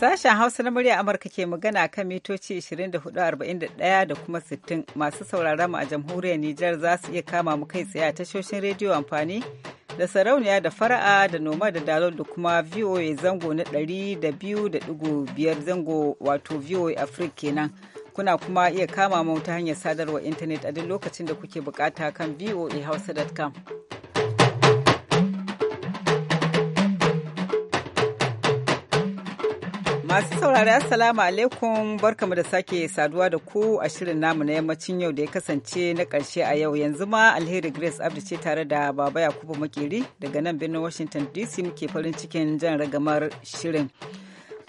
Sashen Hausa na murya Amurka ke magana kan mitoci 24,41 da kuma 60 masu sauraron mu a jamhuriyar Nijar za su iya kama mu kai tsaye a tashoshin rediyo amfani da sarauniya da fara'a da noma da dalol da kuma VOA zango na 200.5 zango wato VOA Africa kenan. kuna kuma iya kama mu ta hanyar sadarwar intanet a duk lokacin da kuke bukata kan voahausa.com. Masu saurari Assalamu alaikum barkamu da sake saduwa da ku a shirin namu na yammacin yau da ya kasance na karshe a yau yanzu ma alheri Grace Abdi ce tare da Baba Yakubu Makeri daga nan birnin Washington DC muke farin cikin jan ragamar shirin.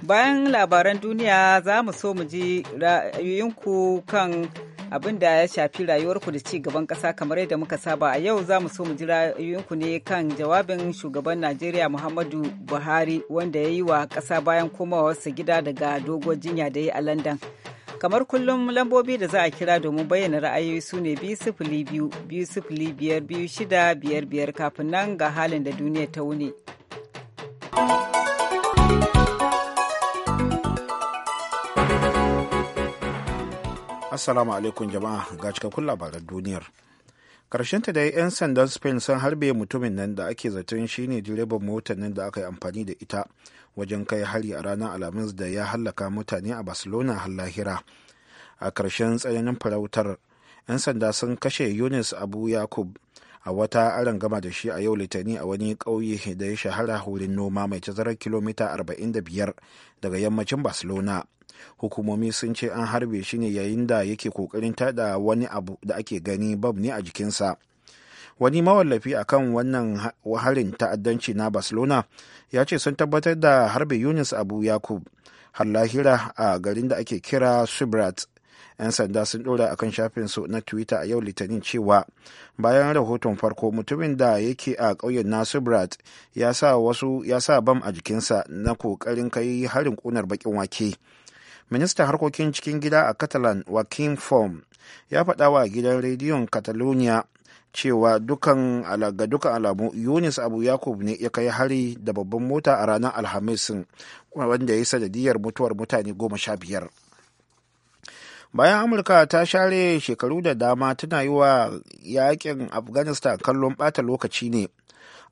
Bayan labaran duniya za mu so mu ji ra'ayoyinku kan abin da ya shafi rayuwarku da ci gaban ƙasa kamar yadda muka saba a yau za mu so mu ji ra'ayoyinku ne kan jawabin shugaban najeriya muhammadu buhari wanda ya yi wa ƙasa bayan komawarsa gida daga dogo jinya da ya a london kamar kullum lambobi da za a kira domin bayyana ra'ayoyi su ne biyu sifili biyu biyu sifili biyar biyu shida biyar biyar kafin nan ga halin da duniya ta wuni. Assalamu alaikum jama'a ga cikakkun labaran duniyar. ta dai 'yan sandan Spain sun harbe mutumin nan da ake zaton shine direban motar nan da aka yi amfani da ita wajen kai hari a ranar Alhamis da ya hallaka mutane a Barcelona har lahira. A karshen tsananin farautar, 'yan sanda sun kashe Yunus Abu Yakub a wata aron gama da shi a yau litani a wani ƙauye da ya shahara wurin noma mai tazarar kilomita 45 daga yammacin barcelona hukumomi sun ce an harbe shi ne yayin da yake kokarin tada wani abu da ake gani bab ne a jikinsa wani mawallafi a kan wannan harin ta'addanci na barcelona ya ce sun tabbatar da harbe yunus abu yakub har lahira a garin da ake kira subrat 'yan sanda sun ɗora a kan shafinsu na twitter a yau litinin cewa bayan rahoton farko mutumin da yake a ƙauyen brat ya sa wasu ya sa bam a jikinsa na ƙoƙarin kai harin ƙunar bakin wake ministan harkokin cikin gida a catalan joaquim form ya faɗa wa gidan rediyon catalonia cewa dukan ga dukan alamu yunis abu yakub ne ya kai hari da babban mota a ranar alhamis wanda ya yi sanadiyar mutuwar mutane goma sha biyar bayan amurka ta share shekaru da dama tana yi wa yakin afghanistan kallon bata lokaci ne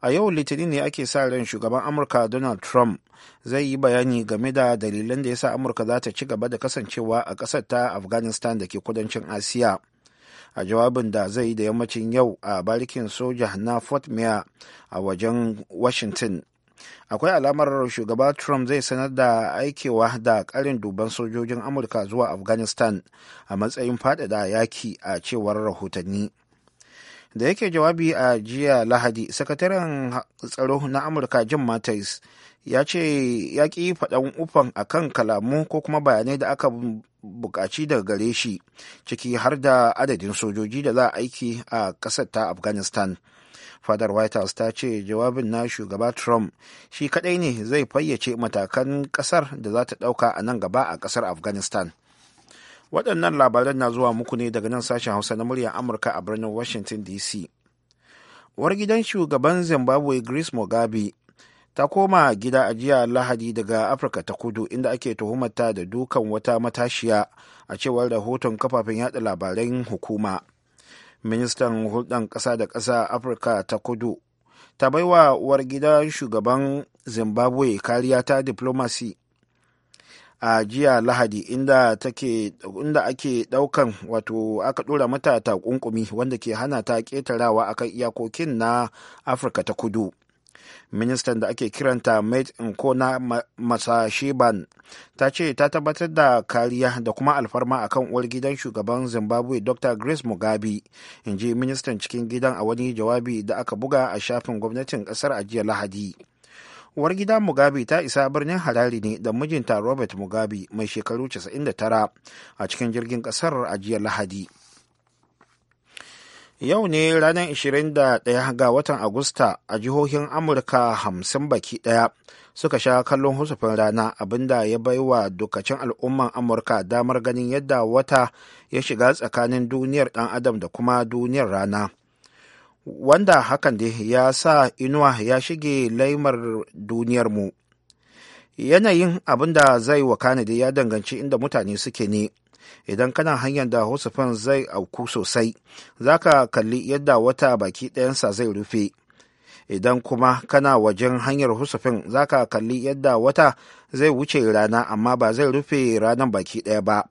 a yau litinin ne ake sa ran shugaban amurka donald trump zai yi bayani game da dalilan da ya sa amurka za ta ci gaba da kasancewa a ƙasar ta afghanistan da ke kudancin asiya a jawabin da zai yi da yammacin yau a barikin soja na fort mayor a wajen washington akwai alamar shugaba trump zai sanar da aikewa da karin duban sojojin amurka zuwa afghanistan a matsayin faɗaɗa yaki a cewar rahotanni da yake jawabi a jiya lahadi sakataren tsaro na amurka jim mattis ya ce ya ƙi faɗan ufan a kan kalamu ko kuma bayanai da aka buƙaci daga gare shi ciki har da adadin sojoji da za a aiki a ƙasar ta afghanistan fadar white house ta ce jawabin na shugaba trump shi kadai ne zai fayyace matakan kasar da za ta dauka a nan gaba a kasar afghanistan waɗannan labaran na zuwa muku ne daga nan sashen hausa na muryar amurka a birnin washington dc war gidan shugaban zimbabwe grace mugabe ta koma gida a jiya lahadi daga afirka ta kudu inda ake tuhumata da dukan wata matashiya a cewar rahoton kafafen yada labaran hukuma ministan hulɗan ƙasa da ƙasa afirka ta kudu ta baiwa uwar gida shugaban zimbabwe kariya ta diplomasi a jiya lahadi inda take inda ake daukan wato aka dora mata takunkumi wanda ke hana ta ketarawa akan iyakokin na afirka ta kudu ministan da ake kiranta mate nkona masashiban ta ce ta tabbatar da kariya da kuma alfarma akan uwar gidan shugaban zimbabwe dr grace mugabe in ji ministan cikin gidan a wani jawabi da aka buga a shafin gwamnatin kasar a jiya lahadi uwar gida mugabe ta isa birnin harare ne da mijinta robert mugabe mai shekaru 99 a cikin jirgin kasar a jiya lahadi Yau ne ranar 21 ga watan Agusta a jihohin Amurka hamsin baki ɗaya suka sha kallon husufin rana abinda ya baiwa dukacin al'umman Amurka damar ganin yadda wata ya shiga tsakanin duniyar ɗan adam da kuma duniyar rana. Wanda hakan de ya sa inuwa ya shige laimar duniyar mu? Yanayin abinda zai wakana ya danganci inda mutane suke ne. idan kana hanyar da hosifan zai auku sosai za ka kalli yadda wata baki ɗayansa zai rufe idan kuma kana wajen hanyar husufin za ka kalli yadda wata zai wuce rana amma ba zai rufe ranar baki ɗaya ba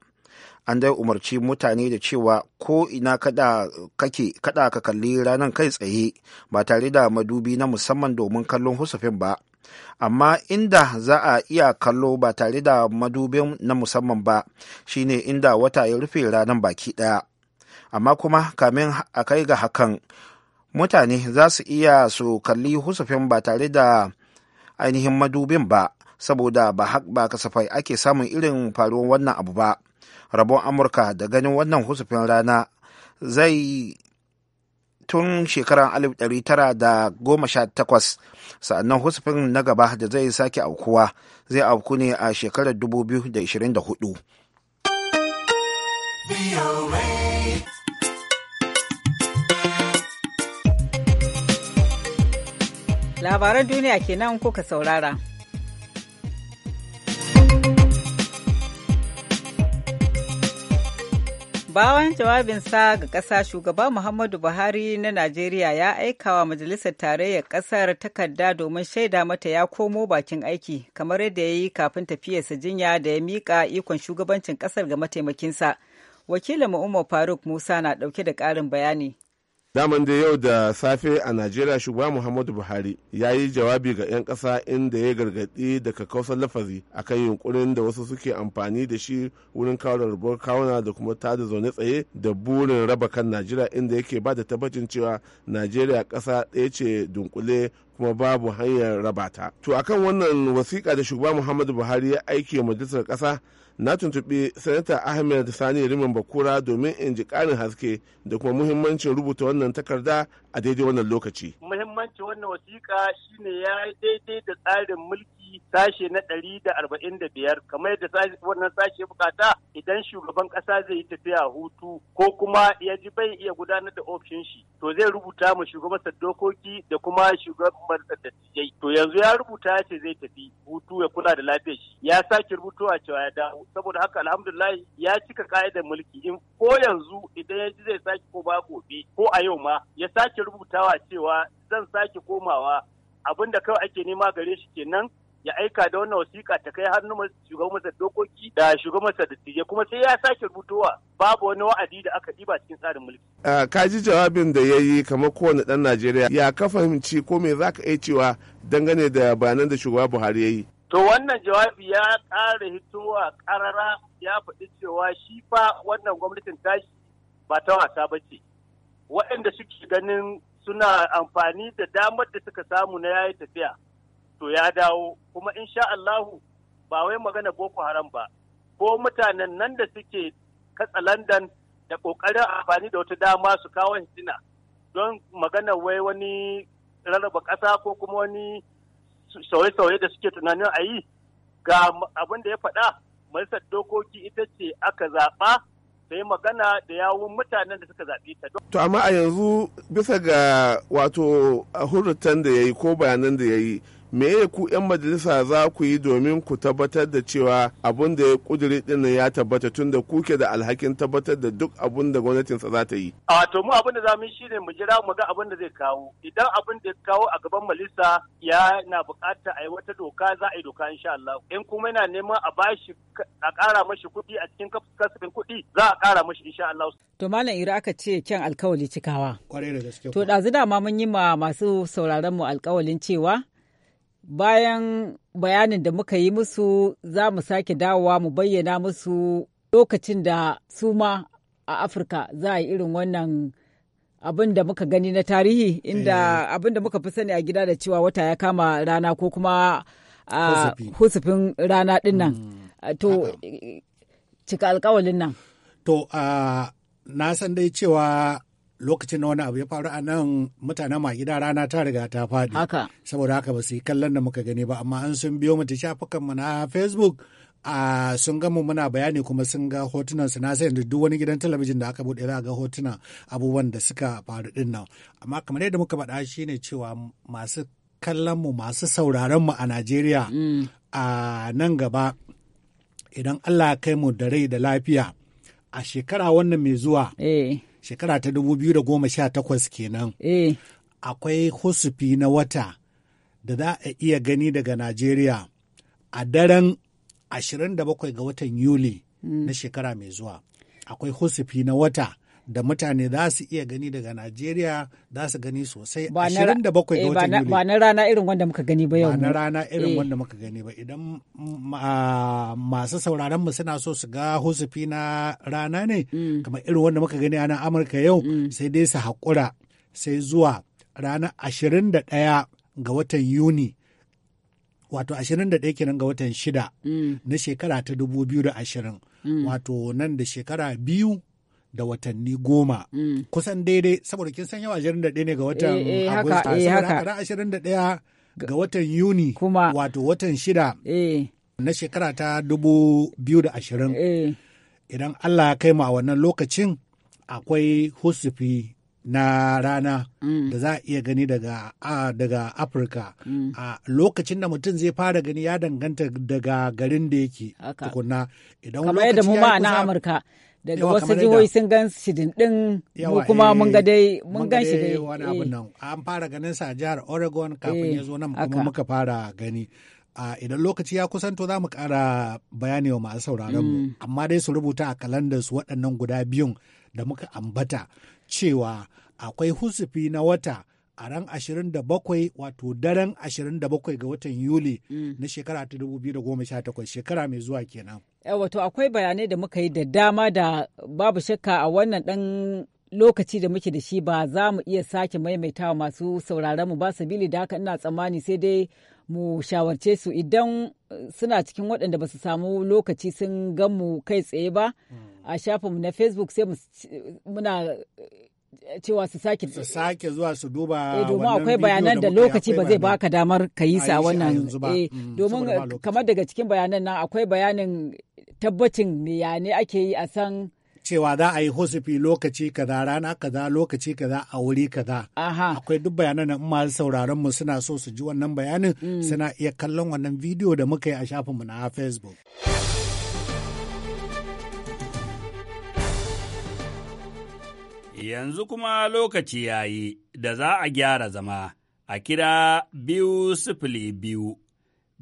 an dai umarci mutane da cewa ko ina kada kake kada ka kalli ranar kai tsaye ba tare da madubi na musamman domin kallon husufin ba amma inda za a iya kallo ba tare da madubin na musamman ba shine inda wata ya rufe ranar baki ɗaya amma kuma kamin a kai ga hakan mutane za su iya su kalli husufin ba tare da ainihin madubin ba saboda ba kasafai ake samun irin faruwar wannan abu ba rabon amurka da ganin wannan husufin rana zai tun shekarar 1918 sa'annan husufin na gaba da zai sake aukuwa zai auku ne a shekarar 2024 labaran duniya kenan kuka saurara Bawan jawabin sa ga ƙasa shugaba Muhammadu Buhari na Najeriya ya aika wa Majalisar Tarayyar ƙasar takarda domin shaida mata ya komo bakin aiki kamar yadda ya yi kafin tafiyarsa jinya da ya miƙa ikon shugabancin ƙasar ga mataimakinsa. Wakilin Umar Faruk Musa na ɗauke da ƙarin bayani. daman da yau da safe a najeriya shugaba muhammadu buhari ya yi jawabi ga 'yan ƙasa inda ya gargaɗi da kakausar lafazi akan yunkurin da wasu suke amfani da shi wurin kawo da rabuwar kawuna da kuma ta da zaune tsaye da burin raba kan najeriya inda yake ba da tabbacin cewa najeriya ƙasa ɗaya ce dunkule kuma babu hanyar rabata ta to akan wannan wasiƙa da shugaba muhammadu buhari ya aike majalisar ƙasa na tuntuɓi sanata ahmed sani rimin bakura domin in ji ƙarin haske da kuma muhimmancin rubuta wannan takarda a daidai wannan lokaci muhimmancin wannan wasiƙa shine ya daidai da tsarin mulki sashe na ɗari da arba'in da biyar kamar yadda wannan sashe bukata idan shugaban ƙasa zai yi tafiya hutu ko kuma ya ji bai iya gudanar da ofishin shi to zai rubuta ma shugaban dokoki da kuma shugaban dattijai to yanzu ya rubuta ya ce zai tafi hutu ya kula da lafiyar shi ya sake rubutowa cewa ya dawo saboda haka alhamdulillah ya cika ka'idar mulki in ko yanzu idan ya ji zai sake ko ba gobe ko a yau ma ya sake rubutawa cewa zan sake komawa abin da kawai ake nema gare shi kenan ya aika da wannan wasiƙa ta kai hannun shugaban masar dokoki da shugaban masar dattijai kuma sai ya sake rubutowa babu wani wa'adi da aka ɗiba cikin tsarin mulki. ka ji jawabin da ya yi kamar kowane ɗan najeriya ya ka fahimci ko me za ka iya cewa dangane da bayanan da shugaba buhari ya yi. To wannan jawabi ya ƙara hitowa ƙarara ya faɗi cewa shi fa wannan gwamnatin tashi ba ta wasa ba ce. Waɗanda suke ganin suna amfani da damar da suka samu na yayi tafiya to ya dawo kuma insha Allahu ba wai magana Boko Haram ba ko mutanen nan da suke katsalandan da ƙoƙarin amfani da wata dama su kawo hitina don magana wai wani rarraba ƙasa ko kuma wani sauye-sauye da suke tunanin a yi ga abin da ya faɗa majalisar dokoki ita ce aka zaɓa da yi magana da yawun mutanen da suka zaɓi ta. To amma a yanzu bisa ga wato hurrutan da ya yi ko bayanan da ya yi me ku 'yan majalisa za ku yi domin ku tabbatar da cewa abun da ya kuduri dinnan ya tabbata tun da kuke da alhakin tabbatar da duk abun da gwamnatinsa za ta yi. A to mu abin da za mu shine mu jira mu ga abin da zai kawo. Idan abin da ya kawo a gaban majalisa ya na bukata a yi wata doka za a yi doka insha Allah. In kuma yana neman a bashi a kara mashi kuɗi a cikin kasafin kuɗi za a kara mashi insha Allah. To Malam Ira aka ce kyan alkawali cikawa. Kwarai da gaske. To ɗazu dama mun yi ma masu sauraron mu alkawalin cewa bayan bayanin da muka yi musu za mu sake dawowa mu bayyana musu lokacin da su ma a afirka za a yi irin wannan abin da muka gani na tarihi inda eh. abin da muka fi sani a gida da cewa wata ya kama rana ko kuma husufin rana din nan hmm. to cika alkawalin nan to na san dai cewa lokacin na wani abu ya faru a nan mutane ma gida rana ta riga ta faɗi. Haka. Saboda haka ba su yi kallon da muka gani ba amma an sun biyo mu ta shafukanmu na Facebook. a sun gamu muna bayani kuma sun ga hotunan su na sai yanzu duk wani gidan talabijin da aka buɗe za a ga hotuna abubuwan da suka faru din nan amma kamar yadda muka faɗa shine cewa masu kallon mu masu sauraron mu a Najeriya mm. a nan gaba idan Allah ya kai mu da rai da lafiya a shekara wannan mai zuwa eh. shekara ta da goma sha takwas kenan eh. akwai husufi na wata da za a iya gani daga Najeriya a daren ashirin da bakwai ga watan Yuli hmm. na shekara mai zuwa. Akwai husufi na wata da mutane za su iya gani daga Najeriya za su gani sosai 27 ga eh, watan Yuli. Ba na rana irin wanda muka gani ba yau. Ba na rana irin eh. wanda muka gani ba. Idan mm, masu sauraron mu suna so su ga husufi na rana ne mm. kamar irin wanda muka gani a nan Amurka yau mm. sai dai su haƙura sai zuwa ranar 21 ga watan Yuni. wato ashirin da ɗaya kenan ga watan Shida. na shekara ta dubu biyu da ashirin. wato nan da shekara biyu da watanni goma mm. kusan daidai saboda kin san yawa ashirin da ɗaya ne ga watan eh, eh, agusta eh, ashirin da ɗaya ga watan yuni kuma wato watan shida na shekara ta dubu biyu da ashirin idan allah ya kai mu a wannan lokacin akwai husufi na rana mm. da za a iya gani daga afirka mm. a lokacin da mutum zai fara gani ya danganta daga garin da yake tukunna kamar yadda mu ma na amurka daga wasu jihohi sun gan shi din mu kuma mun ga eh, dai mun gan shi dai wani abun eh. nan an fara ganin sa a jihar Oregon kafin eh, ya zo nan kuma muka fara gani a ah, idan lokaci ya kusanto za mu kara bayani wa masu sauraron mu mm. amma dai su rubuta a kalandar su waɗannan guda biyun da muka ambata cewa akwai husufi na wata a ran 27 wato daren 27 ga watan yuli mm. na shekara ta 2018 shekara mai zuwa kenan Eh, wato akwai bayanai da muka yi da dama da babu shakka a wannan ɗan lokaci da muke da shi ba za mu iya sake maimaitawa masu sauraron mu ba sabili da haka ina tsammani sai dai mu shawarce su idan eh, suna cikin waɗanda ba su samu lokaci sun gan mu kai tsaye ba hmm. a shafinmu na facebook sai muna eh, cewa su sake su sake zuwa su duba domin akwai bayanan da lokaci ba zai baka damar ka yi sa wannan hmm, domin kamar daga cikin bayanan nan akwai bayanin tabbacin me ne ake yi a san cewa za a yi hosifi lokaci kaza rana kaza lokaci kaza a wuri kaza akwai duk bayanan da masu sauraron mu suna so su ji wannan bayanin mm. suna iya kallon wannan bidiyo da muka yi a shafin mu na facebook yanzu kuma lokaci ya yi da za a gyara zama a kira biyu sifili biyu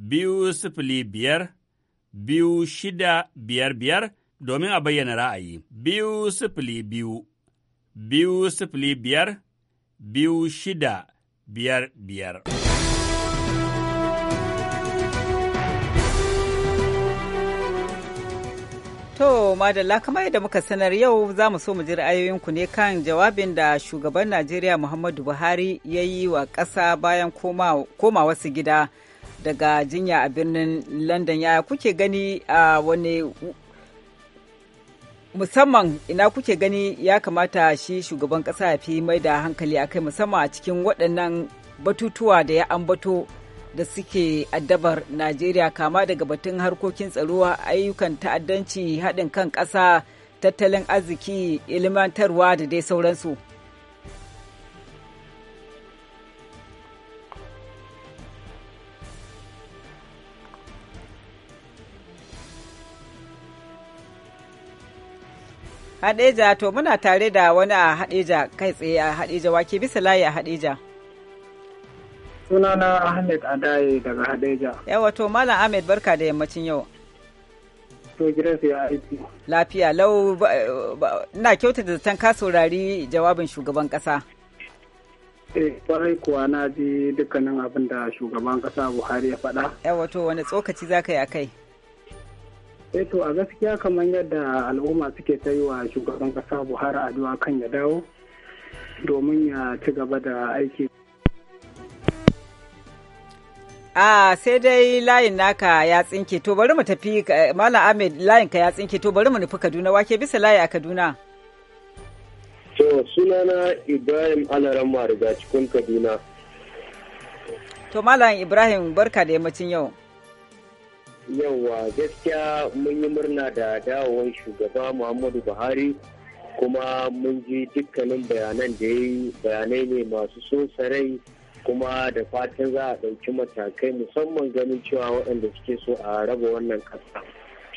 biyu sifili biyar biyu shida biyar biyar domin a bayyana ra'ayi. Biyu sifili biyu, biyu sifili biyar, biyu shida biyar biyar. To, Madalla, kamar yadda muka sanar yau za mu so mu ji ra'ayoyinku ne kan jawabin da shugaban Najeriya Muhammadu Buhari ya yi wa ƙasa bayan koma wasu gida. daga jinya a birnin london yaya kuke gani a wani musamman ina kuke gani ya kamata shi shugaban kasa ya fi mai da hankali a kai musamman a cikin waɗannan batutuwa da ya ambato da suke addabar najeriya kama daga batun harkokin tsaro ayyukan ta'addanci haɗin kan ƙasa tattalin arziki ilmantarwa da dai sauransu. Hadeja to muna tare da wani a Hadeja kai tsaye a Hadeja wake bisa layi a Hadeja. Sunana Ahmed Adaye daga Hadeja. Yawa to Malam Ahmed barka da yammacin yau. To sai a aiki. Lafiya lau ina kyauta da zaton ka saurari jawabin shugaban kasa. Eh kwarai kuwa na ji dukkanin abin da shugaban kasa Buhari ya faɗa. Yawa to wani tsokaci za ka yi a kai? eh to a gaskiya kamar yadda al'umma suke ta yi wa shugaban kasa buhari addu'a kan ya dawo domin ya ci gaba da aiki a sai dai layin naka ya tsinke to bari mu tafi malam ahmed layin ka ya tsinke to bari mu nufi kaduna wake bisa layi a kaduna to sunana ibrahim alaramma mariga cikin kaduna to malam ibrahim barka da yammacin yau yawa gaskiya mun yi murna da dawowar shugaba muhammadu buhari kuma mun ji dukkanin bayanan da ya yi bayanai ne masu so sarai kuma da fatan za a ɗauki matakai musamman ganin cewa waɗanda suke so a raba wannan ƙasa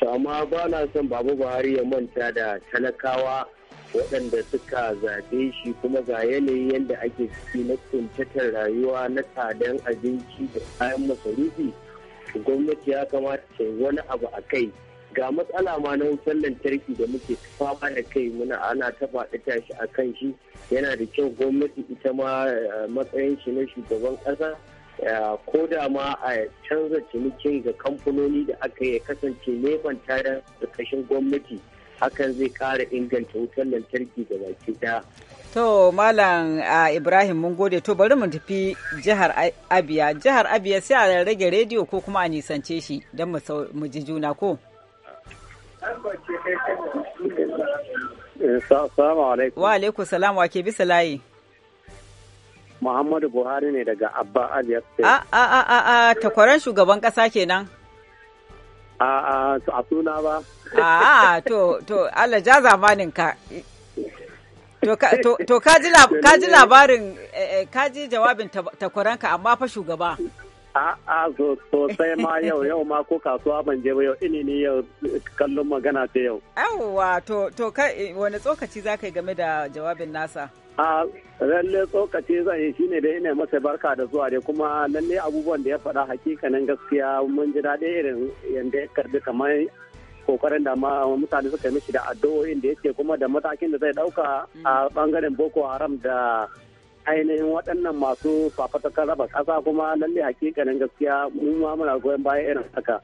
to amma ba na son babu buhari ya manta da talakawa waɗanda suka zaɓe shi kuma ga yanayi yadda ake ciki na rayuwa na tsadan abinci da kayan masarufi gwamnati ya kamata ta wani abu a kai ga matsala ma na wutar lantarki da muke fama da kai muna ana ta faɗi tashi a kan shi yana da kyau gwamnati ita ma eh, matsayin shi na shugaban ƙasa eh, ko da ma a canza cinikin ga kamfanoni da aka yi kasance neman tare da kashin gwamnati hakan zai ƙara inganta wutar lantarki da baki ɗaya To Malam Ibrahim mun gode to bari mu tafi jihar Abia. Jihar Abia sai a rage rediyo ko kuma a nisance shi don mu ji juna ko? Eh, wa alaikum salam wa ke bisa layi. Muhammadu Buhari ne daga Abba Abia State. A a a a takwaran shugaban kasa kenan. A a a suna ba. A a to to Allah ja zamanin ka. To ka ji labarin eh, eh, ka ji jawabin takwaranka amma fa shugaba. A'a sosai ma yau yau ma ko kasuwa ban je ba yau ini ne yau kallon magana ta yau. Yawwa to eh, wani tsokaci za ka yi game da jawabin nasa? a lalle tsokaci zan yi shine da ina masa barka da zuwa dai kuma lalle abubuwan da ya faɗa hakikanin gaskiya mun ji daɗi irin yadda ya karbi kamar kokarin da mutane suka mishi da addu'o'in da yake kuma da matakin da zai dauka a bangaren mm. boko haram da ainihin waɗannan masu fafatakar raba ƙasa kuma lalle hakikanin gaskiya mun ma muna goyon bayan irin haka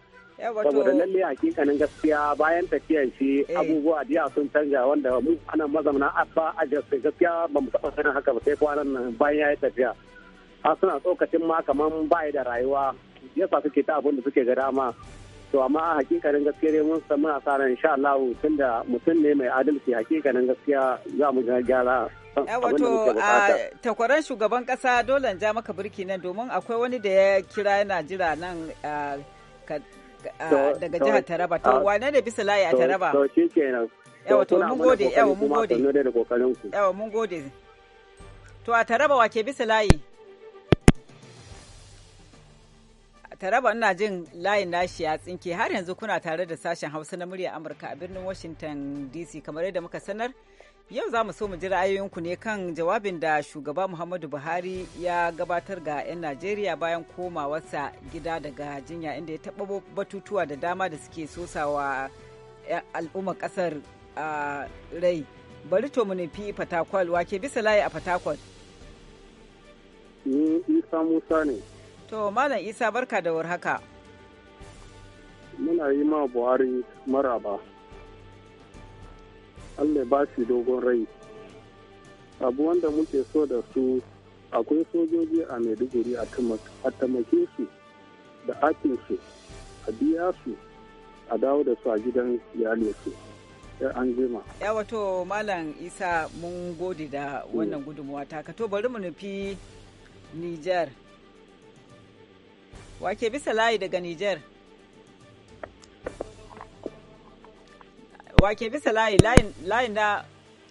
saboda lalle hakikanin gaskiya bayan tafiyan shi eh. abubuwa jiya sun canja wanda mu anan mazamna abba a gaskiya ba mu taɓa sanin haka ba sai kwanan nan bayan ya yi tafiya har suna tsokacin ma kamar baya da rayuwa yasa suke ta abin da suke ga dama to amma hakikanin gaskiya mun san muna sa ran insha Allah da mutum ne mai adalci hakikanin gaskiya za mu ga gyara wato a takwaran shugaban kasa dole ja maka birki nan domin akwai wani da ya kira yana jira nan daga jihar Taraba to wane ne bisa layi a Taraba to shi kenan yawa to mun gode yawa mun gode yawa mun gode to a Taraba wa ke bisa layi taraba ina jin layin nashi ya tsinke har yanzu kuna tare da sashen hausa na murya amurka a birnin washington dc kamar yadda muka sanar yau za mu so mu ji ra'ayoyinku ne kan jawabin da shugaba muhammadu buhari ya gabatar ga 'yan najeriya bayan komawarsa gida daga jinya inda ya taɓa batutuwa da dama da suke sosawa eh, al'ummar kasar rai bari to mu nufi fatakwal wake bisa layi a fatakwal ni isa musa ne To Malam Isa barka da warhaka. Muna yi ma Buhari maraba. Allah ba shi dogon rai. Abu wanda muke so da su akwai sojoji a Maiduguri a tamake su da su a biya su a dawo da su a gidan iyalinsu. an jima. Ya wato Malam Isa mun gode da wannan mm. gudunmuwa ka to bari mu nufi Nijar. Wake bisa layi daga Nijar. Wake bisa layi layin na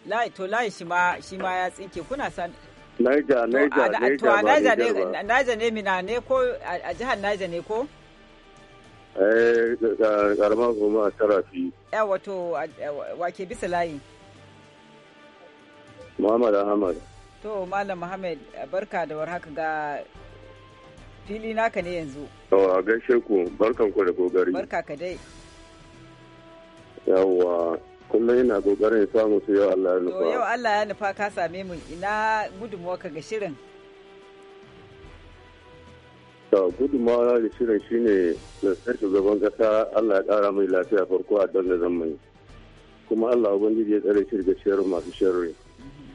layi to layi shi ma shi ma ya tsinke kuna san Naija Naija Naija to a Naija ne Naija ne mina ne ko a jihar Naija ne ko Eh garma goma a tarafi Yawa to wake bisa layi Muhammad Ahmad To Malam Muhammad barka da warhaka ga fili naka ne yanzu. To a gaishe ku barkan ku da kokari. Barka ka dai. Yawwa kullum ina kokarin samu su yau Allah ya nufa. To yau Allah ya nufa ka same mu ina gudunmuwa ka ga shirin. Ta gudunmuwa da shirin shine lantar shugaban kasa Allah ya kara mai lafiya farko a dan da zamani. Kuma Allah ubangiji ya tsare shirga shirin masu shirin. Mhm.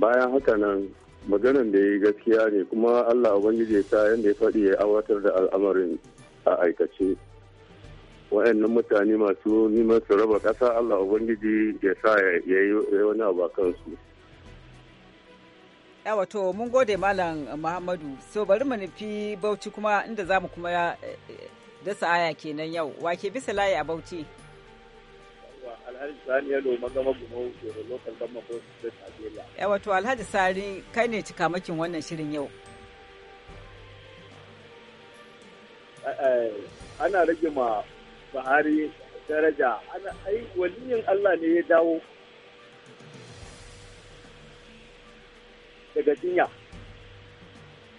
Bayan haka nan maganan da ya gaskiya ne kuma allah ubangiji ya sa yadda ya faɗi ya awatar da al'amarin a aikace wa'annan mutane masu neman su raba ƙasa allah ubangiji ya sa ya yi wani abu a kansu wato mun gode malam muhammadu so bari mu nufi bauchi kuma inda za mu kuma eh, eh, dasa aya kenan yau wake bisa layi a bauchi Alhaji Sani ya loma gama gumo Shoro lokal gama Board State Ya wato Alhaji Sani kai ne cikamakin wannan shirin yau. Eh, eh, ana rage ma Buhari daraja ana ai waliyin Allah ne ya dawo daga jinya.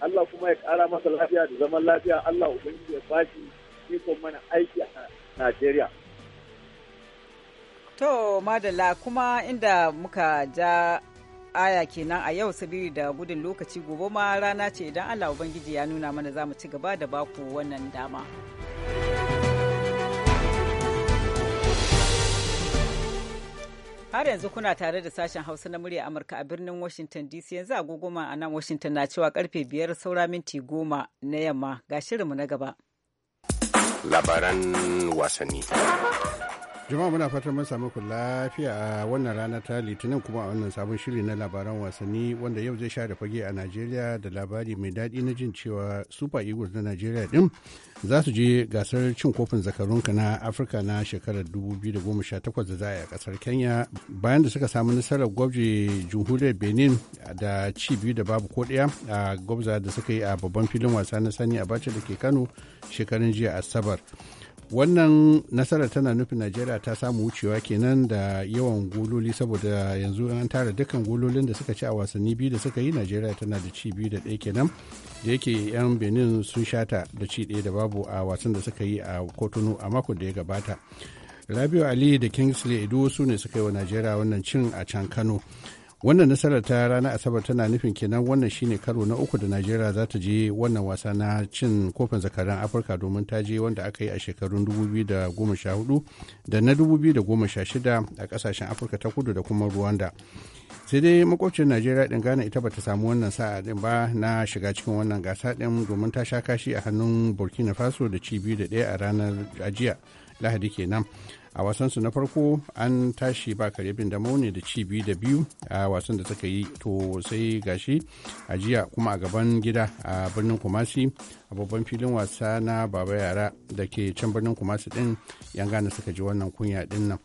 Allah kuma ya kara masa lafiya da zaman lafiya Allah ubangiji ya bashi ikon mana aiki a Najeriya. To madala kuma inda muka ja aya kenan a yau sabiri da gudun lokaci gobe ma rana ce idan Allah Ubangiji ya nuna mana za mu ci gaba da baku wannan dama. Har yanzu kuna tare da sashen Hausa na murya Amurka a birnin Washington DC yanzu agogoma a nan Washington na cewa karfe biyar saura minti goma na yamma ga shirinmu na gaba. Labaran wasanni. jama'a muna fatan mun samu ku lafiya a wannan rana ta litinin kuma a wannan sabon shiri na labaran wasanni wanda yau zai share fage a najeriya da labari mai daɗi na jin cewa super eagles na najeriya din za su je gasar cin kofin zakarunka na afirka na shekarar 2018 da za a yi a kasar kenya bayan da suka samu nasarar gwabje jamhuriyar benin da ci biyu da babu ko ɗaya a gwabza da suka yi a babban filin wasa na sani abacha da ke kano shekarun jiya asabar wannan nasarar tana nufin najeriya ta samu wucewa kenan da yawan gololi saboda yanzu an tara dukkan gololin da suka ci a wasanni biyu da suka yi najeriya tana da ci biyu da ɗaya kenan da yake yan benin sun shata da ci ɗaya da babu a wasan da suka yi a kotunu a makon da ya gabata rabiu ali da kingsley edo su ne suka yi wa najeriya wannan cin a can kano wannan nasarar ta ranar asabar tana nufin kenan wannan shine karo na uku da najeriya za ta je wannan wasa na cin kofin zakaran afirka domin ta je wanda aka yi a shekarun 2014 da na 2016 a kasashen afirka ta kudu da kuma rwanda sai dai makwabcin najeriya din ghana ita bata samu wannan sa'a din ba na shiga cikin wannan gasa din domin ta sha kashi a hannun burkina faso da ci biyu da daya a ranar ajiya lahadi kenan a wasan su na farko an tashi ba bin da ne da ci biyu da biyu a wasan da suka yi to sai gashi a jiya kuma a gaban gida a birnin kumasi a babban filin wasa na baba yara da ke can birnin kumasi din yan gane suka ji wannan kunya din nan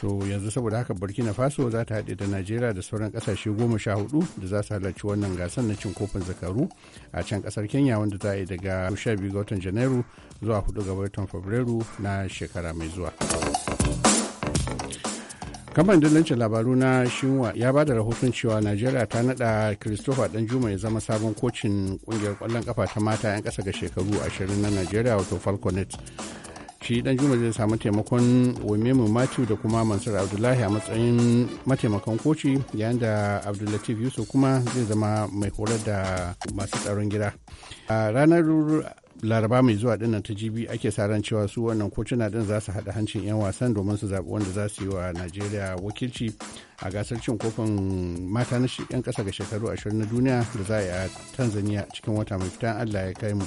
to yanzu saboda haka burkina faso za ta haɗe da najeriya da sauran ƙasashe goma sha hudu da za su halarci wannan gasar na cin kofin zakaru a can ƙasar kenya wanda za a yi daga 12 ga watan janairu zuwa 4 ga watan fabrairu na shekara mai zuwa. kamfanin dillancin labaru na shinwa ya ba da rahoton cewa najeriya ta nada christopher danjuma ya zama sabon kocin kungiyar kwallon kafa ta mata 'yan kasa ga shekaru ashirin na najeriya wato falconet shi danjuma zai samu taimakon wememu matthew da kuma mansur abdullahi a matsayin mataimakan koci yayin da abdullatif yusuf kuma zai zama mai horar da masu tsaron gida a ranar laraba mai zuwa dinnan ta jibi ake sa ran cewa su wannan kotuna din za su haɗa hancin 'yan wasan domin su zaɓi wanda za su yi wa najeriya wakilci a gasar cin kofin mata na 'yan ƙasa ga shekaru ashirin na duniya da za a yi a tanzania cikin wata mai fitan allah ya kai mu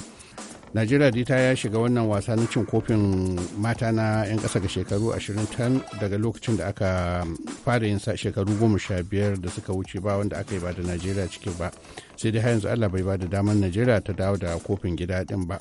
najeriya dai ta ya shiga wannan wasa na cin kofin mata na 'yan kasa ga shekaru 20 tan daga lokacin da aka fara yin sa shekaru 15 da suka wuce ba wanda aka yi ba da najeriya cikin ba sai dai har yanzu allah bai ba da damar najeriya ta dawo da kofin gida din ba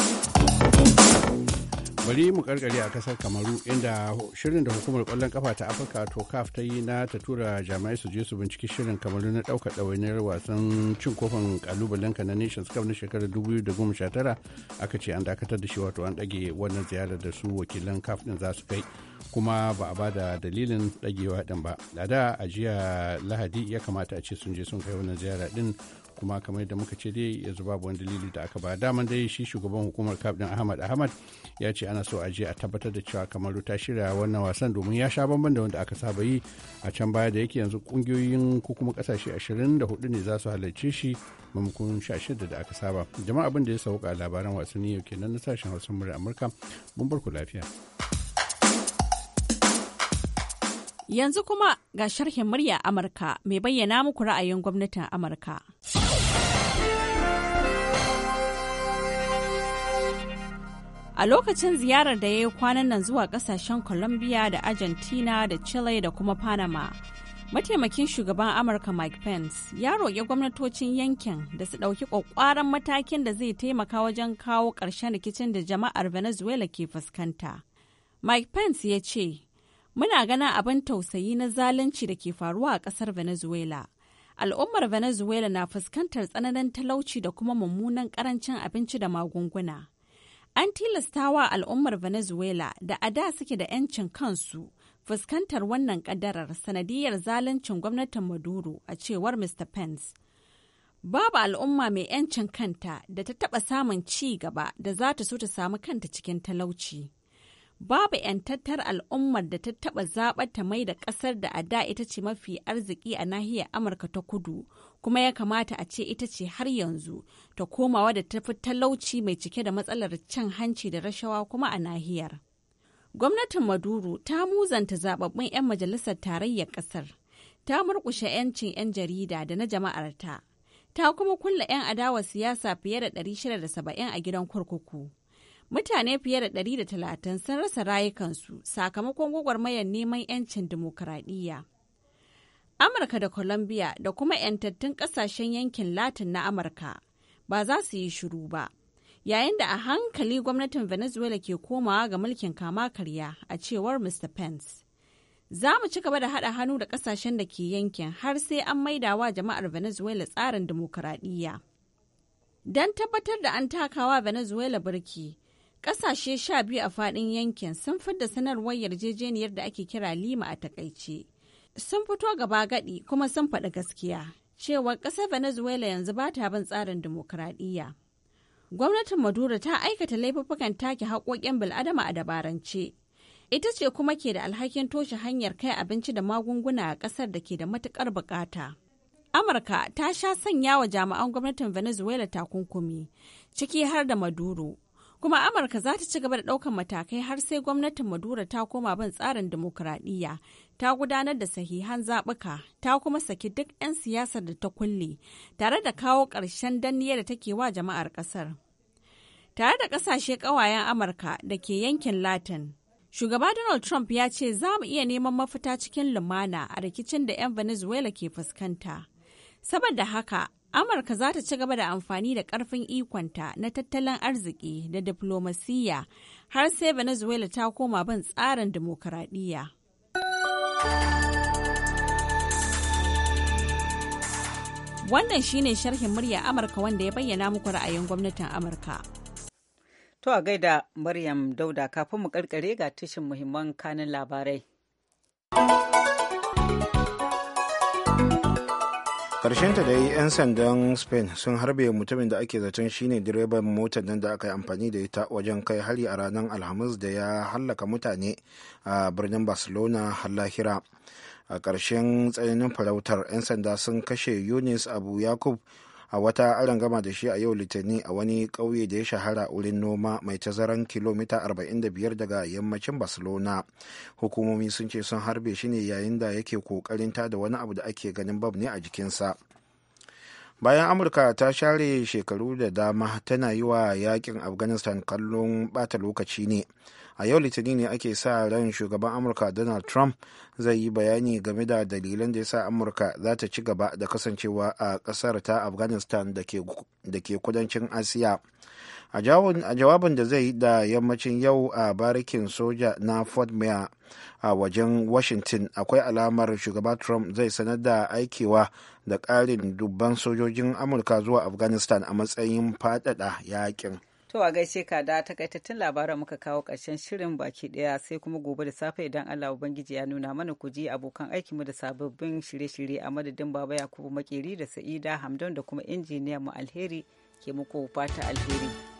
bari mu karkare a kasar kamaru inda shirin da hukumar kwallon kafa ta afirka to kaf ta yi na ta tura jami'ai su je su binciki shirin kamaru na daukar ɗawainiyar wasan cin kofin kalubalen ka na nations cup na shekarar 2019 aka ce an dakatar da shi wato an ɗage wannan ziyarar da su wakilan kaf din za su kai kuma ba a ba da dalilin ɗagewa din ba da da a jiya lahadi ya kamata a ce sun je sun kai wannan ziyara din kuma kamar da muka ce dai yanzu babu wani dalili da aka ba daman dai shi shugaban hukumar kaf din ahmad ahmad ya ce ana so a je a tabbatar da cewa kamar ta shirya wannan wasan domin ya sha bamban da wanda aka saba yi a can baya da yake yanzu kungiyoyin ko kuma kasashe hudu ne za su halarce shi mamakon 16 da aka saba jama'a abin da ya sauka labaran wasanni yau kenan na sashen hausa murar amurka mun bar ku lafiya Yanzu kuma ga sharhin murya Amurka mai bayyana muku ra'ayin gwamnatin Amurka. a lokacin ziyarar da ya yi kwanan nan zuwa kasashen colombia da argentina da chile da kuma panama mataimakin shugaban amurka mike pence ya roƙi gwamnatocin yankin da su ɗauki ƙwaƙƙwaran matakin da zai taimaka wajen kawo ƙarshen rikicin da jama'ar venezuela ke fuskanta mike pence ya ce muna ganin abin tausayi na zalunci da ke faruwa a ƙasar venezuela al'ummar venezuela na fuskantar tsananin talauci da kuma mummunan ƙarancin abinci da magunguna An tilastawa al'ummar Venezuela da a da suke da 'yancin kansu fuskantar wannan kadarar sanadiyar zaluncin gwamnatin Maduro a cewar Mr. Pence. Babu al'umma mai 'yancin kanta da ta taɓa samun ci gaba da za ta so ta samu kanta cikin talauci. Babu 'yantattar al'ummar da ta taɓa zaɓar ta mai da ƙasar da a da ita ce mafi arziki a nahiyar Amurka ta kudu kuma ya kamata a ce ita ce har yanzu ta komawa da tafi talauci mai cike da matsalar cin hanci da rashawa kuma a nahiyar. Gwamnatin Maduro ta muzanta zababbun 'yan majalisar tarayyar ƙasar, ta murkushe 'yancin 'yan jarida da na jama'arta, ta kuma kulla 'yan adawa siyasa fiye da 670 a gidan kurkuku. Mutane fiye da 130 sun rasa rayukansu sakamakon gwagwarmayar neman 'yancin dimokuraɗiyya. Amurka da Colombia da kuma 'yantattun ƙasashen yankin Latin na Amurka ba za su yi shiru ba. Yayin da a hankali gwamnatin Venezuela ke komawa ga mulkin kama karya a cewar Mr. Pence. Za mu ci gaba da haɗa hannu da ƙasashen da ke yankin har sai an wa jama'ar Venezuela tsarin dimokuraɗiyya. Don tabbatar da an takawa Venezuela birki, ƙasashe sha biyu a faɗin yankin sun fidda sanarwar yarjejeniyar da ake kira Lima a takaice. sun fito gaba gadi kuma sun faɗi gaskiya cewa ƙasar venezuela yanzu ba ta bin tsarin dimokuraɗiyya gwamnatin maduro ta aikata laifuffukan take haƙoƙin bil'adama a dabarance ita ce kuma ke da alhakin toshe hanyar kai abinci da magunguna a ƙasar da ke da matuƙar buƙata. amurka ta sha sanya wa jami'an gwamnatin venezuela takunkumi ciki har da maduro kuma amurka za ta ci gaba da ɗaukar matakai har sai gwamnatin madura ta koma bin tsarin demokuraɗiyya ta gudanar da sahihan zaɓuka ta kuma saki duk 'yan siyasar da ta kulle tare da kawo ƙarshen danniya da take wa jama'ar ƙasar tare da ƙasashe ƙawayen amurka da ke yankin latin shugaba donald trump ya ce za mu iya neman mafita cikin lumana a rikicin da 'yan venezuela ke fuskanta saboda haka Amurka za ta ci gaba da amfani da ƙarfin ikonta na tattalin arziki da diflomasiyya har sai Venezuela ta koma ban tsarin dimokuraɗiyya. Wannan shine sharhin murya Amurka wanda ya bayyana muku ra'ayin gwamnatin Amurka. To a gaida Maryam Dauda kafin mu karkare ga tushen muhimman kanin labarai. karshen ta dai 'yan sandan spain sun harbe mutumin da ake zaton shine direban motar nan da aka yi amfani da ita wajen kai hari a ranar alhamis da ya hallaka mutane a birnin barcelona hallahira a karshen tsananin farautar 'yan sanda sun kashe yunis abu yakub a wata gama da shi a yau litani a wani ƙauye da ya shahara wurin noma mai tazaran kilomita 45 daga yammacin barcelona hukumomi sun ce sun harbe shi ne yayin da yake kokarin ta da wani abu da ake ganin bab ne a jikinsa bayan amurka ta share shekaru da dama tana yi wa yakin afghanistan kallon bata lokaci ne a yau litinin ne ake sa ran shugaban amurka donald trump zai yi bayani game da dalilan da ya sa amurka za ta ci gaba da kasancewa a kasar ta afghanistan da ke kudancin asiya a jawabin da zai yi da yammacin yau a barikin soja na fort mayor a wajen washington akwai alamar shugaba trump zai sanar da aikewa da ƙarin dubban sojojin amurka zuwa afghanistan a matsayin faɗaɗa yakin To a gaishe ka da takaitattun labaran muka kawo karshen shirin baki ɗaya sai kuma gobe da safe idan Allah Ubangiji ya nuna mana ku ji abokan aikinmu da sababbin shirye-shirye a madadin Baba Yakubu Makeri da Sa'ida Hamdan da kuma injiniyan mu Alheri ke muku fata alheri.